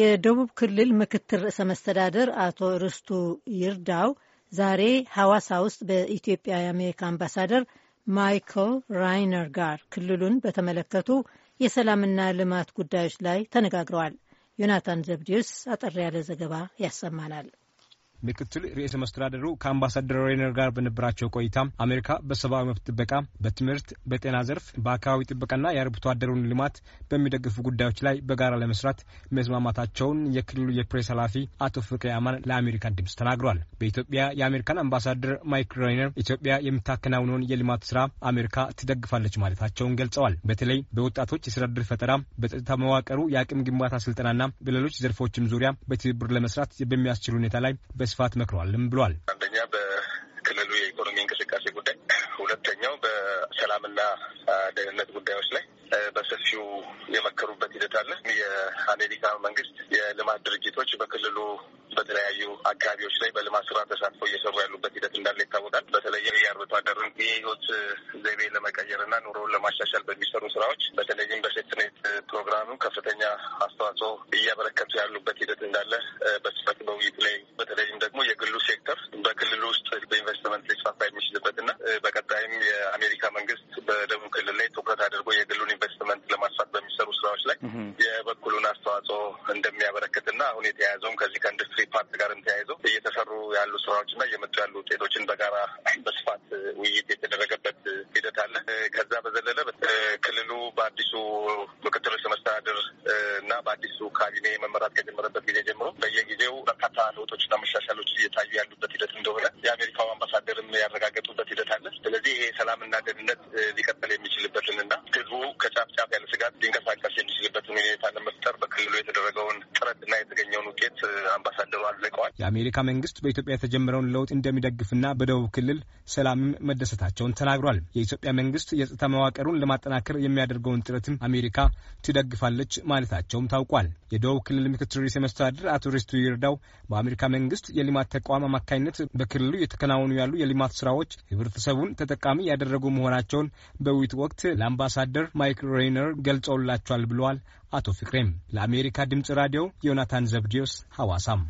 የደቡብ ክልል ምክትል ርዕሰ መስተዳደር አቶ ርስቱ ይርዳው ዛሬ ሐዋሳ ውስጥ በኢትዮጵያ የአሜሪካ አምባሳደር ማይክል ራይነር ጋር ክልሉን በተመለከቱ የሰላምና ልማት ጉዳዮች ላይ ተነጋግረዋል። ዮናታን ዘብዲዮስ አጠር ያለ ዘገባ ያሰማናል። ምክትል ርዕሰ መስተዳደሩ ከአምባሳደር ሬነር ጋር በነበራቸው ቆይታ አሜሪካ በሰብአዊ መብት ጥበቃ፣ በትምህርት፣ በጤና ዘርፍ፣ በአካባቢ ጥበቃና የአርብቶ አደሩን ልማት በሚደግፉ ጉዳዮች ላይ በጋራ ለመስራት መስማማታቸውን የክልሉ የፕሬስ ኃላፊ አቶ ፍቅሬ አማን ለአሜሪካን ድምፅ ተናግሯል። በኢትዮጵያ የአሜሪካን አምባሳደር ማይክል ሬነር ኢትዮጵያ የምታከናውነውን የልማት ስራ አሜሪካ ትደግፋለች ማለታቸውን ገልጸዋል። በተለይ በወጣቶች የስራ ዕድል ፈጠራ፣ በጸጥታ መዋቅሩ የአቅም ግንባታ ስልጠናና በሌሎች ዘርፎችም ዙሪያ በትብብር ለመስራት በሚያስችል ሁኔታ ላይ በ በስፋት መክረዋልም ብሏል። አንደኛ በክልሉ የኢኮኖሚ እንቅስቃሴ ጉዳይ፣ ሁለተኛው በሰላምና ደህንነት ጉዳዮች ላይ በሰፊው የመከሩበት ሂደት አለ። የአሜሪካ መንግስት የልማት ድርጅቶች በክልሉ በተለያዩ አካባቢዎች ላይ በልማት ስራ ተሳትፎ እና ኑሮውን ለማሻሻል በሚሰሩ ስራዎች በተለይም በሴትኔት ፕሮግራም ከፍተኛ አስተዋጽኦ እያበረከቱ ያሉበት ሂደት እንዳለ በስፋት በውይይት ላይ በተለይም ደግሞ የግሉ ሴክተር በክልሉ ውስጥ በኢንቨስትመንት ሊስፋፋ የሚችልበት እና በቀጣይም የአሜሪካ መንግስት በደቡብ ክልል ላይ ትኩረት አድርጎ የግሉን ኢንቨስትመንት ለማስፋት በሚሰሩ ስራዎች ላይ የበኩሉን አስተዋጽኦ እንደሚያበረክት እና አሁን የተያያዘውም ከዚህ ከኢንዱስትሪ ፓርት ጋርም ተያይዞ ያሉ ስራዎች እና እየመጡ ያሉ ውጤቶችን በጋራ በስፋት ውይይት የተደረገበት ሂደት አለ። ከዛ በዘለለ ክልሉ በአዲሱ ምክትል ርዕሰ መስተዳድር እና በአዲሱ ካቢኔ መመራት ከጀመረበት ጊዜ ጀምሮ በየጊዜው በርካታ ለውጦችና መሻሻሎች እየታዩ ያሉበት ሂደት እንደሆነ የአሜሪካው አምባሳደርም ያረጋገጡበት ሂደት አለ። ስለዚህ ይሄ ሰላምና ደህንነት ሊቀጥል የተደረገውን ጥረትና የተገኘውን ውጤት አምባሳደሩ አድንቀዋል። የአሜሪካ መንግስት በኢትዮጵያ የተጀመረውን ለውጥ እንደሚደግፍና በደቡብ ክልል ሰላምም መደሰታቸውን ተናግሯል። የኢትዮጵያ መንግስት የጸጥታ መዋቅሩን ለማጠናከር የሚያደርገውን ጥረትም አሜሪካ ትደግፋለች ማለታቸውም ታውቋል። የደቡብ ክልል ምክትል ርዕሰ መስተዳድር አቶ ሪስቱ ይርዳው በአሜሪካ መንግስት የልማት ተቋም አማካኝነት በክልሉ የተከናወኑ ያሉ የልማት ስራዎች ህብረተሰቡን ተጠቃሚ ያደረጉ መሆናቸውን በውይይት ወቅት ለአምባሳደር ማይክ ሬይነር ገልጸውላቸዋል ብለዋል። አቶ ፍቅሬም ለአሜሪካ ድምፅ ራዲዮ ዮናታን ዘብዲዮስ ሐዋሳም